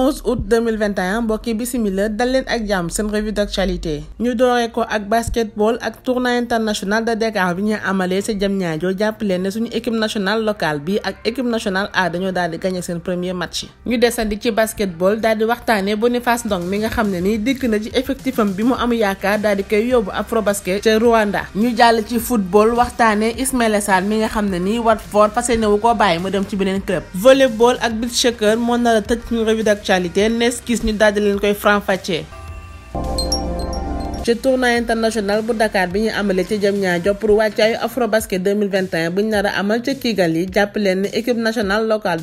11 août 2021 mbokki bisimila dal leen ak jàmm seen revue d'actualité ñu dooree ak basketball ak tournoi international de Dakar bi ñu amalee sa jëm ñaajoo jàpp leen ne suñu équipe nationale locale bi ak équipe nationale A dañoo daal di gagné seen premier match ñu desandi ci basketball daal di waxtaanee Boniface Ndong mi nga xam ne nii dikk na ci effectifam bi mu am yaakaar daal di koy yóbbu Afrobasket ca Rwanda ñu jàll ci football waxtaanee Ismaïla mi nga xam ne nii Watford fas yéene wu ko bàyyi mu dem ci actualité nees gis ñu daal di leen koy faram ci tournoi international bu Dakar bi ñu amale ci jëm ñaajo pour wàccaayu Afrobasket 2021 buñ nar a amal ca Kigali jàpp leen ni équipe nationale locale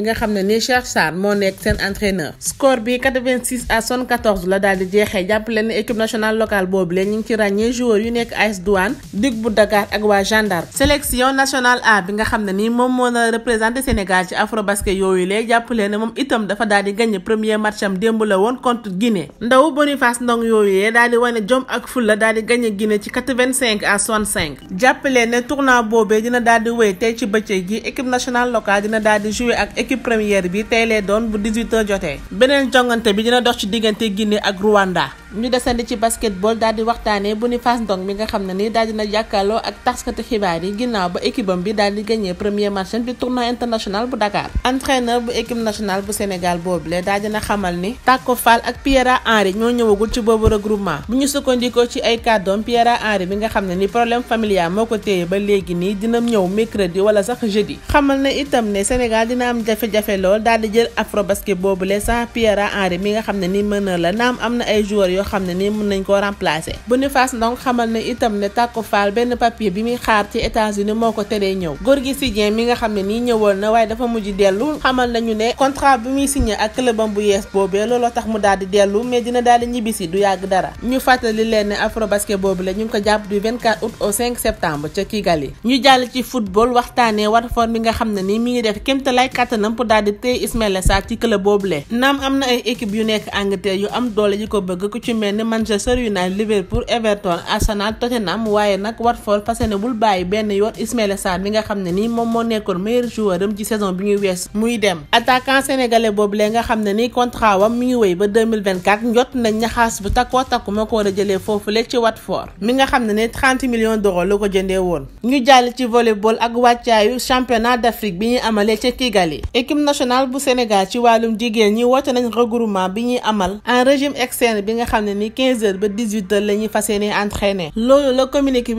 nga xam ne ni Cheikh Sarr moo nekk seen entraîneur score bi 86 à 74 la daal di jeexee jàpp leen ni équipe nationale locale boobu leen ñu ngi ci ràññee joueur yu nekk AS Douane DUC bu Dakar ak waa gendarme sélection nationale A bi nga xam ne nii moom moo na représenté Sénégal ci Afrobasket yooyu lee jàpp leen ne moom itam dafa daal di gagné premier match am démb la woon contre Guinée ndaw Boniface Ndong yooyee daal di wane jom ak fulla daal di gagné Guinée ci 85 à 65. jàppale ne tournoi boobee dina daal di wéy tey ci bëccëg gi équipe nationale locale dina daal di jouer ak équipe première bi tey lay doon bu 18 jotee. beneen jongante bi dina dox ci diggante Guinée ak Rwanda. ñu desandi ci basketball daal di waxtaanee Boniface Ndong mi nga xam ne ni daal na jàkkaarloo ak taskatu xibaar yi ginnaaw ba équipe bi daal di gagné premier match bi tournoi international bu Dakar. entraîneur bu équipe nationale bu Sénégal boobule daal di na xamal ni. Tacko Fall ak Pierre Henry ñoo ñëwagul ci boobu regroupement. bu ñu sukkandikoo ci ay kàddoom Pierre Henry bi nga xam ne ni problème familial moo ko téye ba léegi nii dina ñëw mercredi wala sax xamal na itam ne Sénégal dina am jafe lool daal di jël afrobasket boobule sans Pierre Henry mi nga xam ne ni meneur la naam am na ay joueurs yoo xam ne nii mën nañ koo remplacer Boniface Ndong xamal ne itam ne Tàkko Fall benn papier bi muy xaar ci états moo ko teree ñëw Gorgui Sy mi nga xam ne nii ñëwoon na waaye dafa mujj dellu xamal nañu ne contrat bi muy signé ak clubam bu yees boobee looloo tax mu daal dellu mais dina daal di ñibbisi du yàgg dara ñu fàttali leen ne Afrobasket boobu la ñu ngi ko jàpp du 24 août au 5 septembre ca ñu jàll ci football waxtaanee Watford mi nga xam ne nii mi ngi def kéemtalaay kattanam pour daal di téye Ismaïla Sarr ci mel ni Manchester United Liverpool Everton Arsenal Tottenham waaye nag Watford fas yéene bul bàyyi benn yoon Ismaïla Sarr nga xam ne nii moom moo nekkoon meilleur joueur ci saison bi ñuy wees muy dem attaquant sénégalais boobu lee nga xam ne nii contrat wam mi ngi wéy ba njot nañ ñaxaas bu takkoo takku moo ko war a jëlee foofule ci Watford mi nga xam ne ni 30 millions d'euros la ko jëndee woon ñu jàll ci volleyball ak wàccaayu championnat d'Afrique 15h 18h la ñuy fas yéene communiqué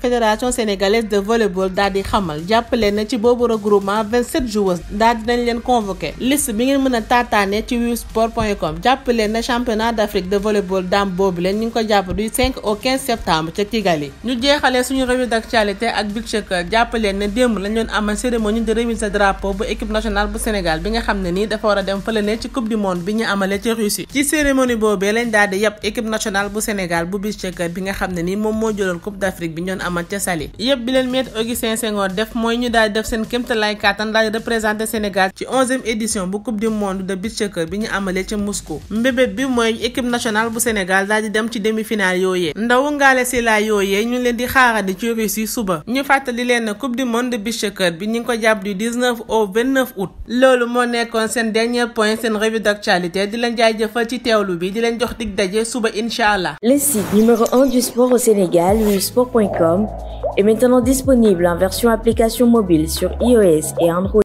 fédération sénégalaise de volleyball daal di xamal 27 joueurs daal di leen convoqué a championnat d'Afrique de volleyball daam Bob, leen 5 au 15 septembre ca Kigali ñu suñu revue d'actualité ak Big Checker jàppale na démb cérémonie de remise de drapeau équipe nationale bu Sénégal bi nga dafa coupe du monde bi cérémonie yëpp équipe nationale bu Sénégal bu beach soccer bi nga xam ne ni moom moo jëloon coupe d'Afrique bi ñoon amal ca Saly yëpp bi leen maître Augustin Senghor def mooy ñu daal def seen kéemtalaay kàttan daal di Sénégal ci onzième édition bu coupe du monde de beach bi ñu amalee ca Moscou mbébét bi mooy équipe nationale bu Sénégal daal dem ci demi-finale yooyee ndaw ngaale si laa ñu leen di xaarandi ci Russie suba ñu fàttali leen ne coupe du monde Le site numéro 1 du sport au Sénégal, Sport.com, est maintenant disponible en version application mobile sur iOS et Android.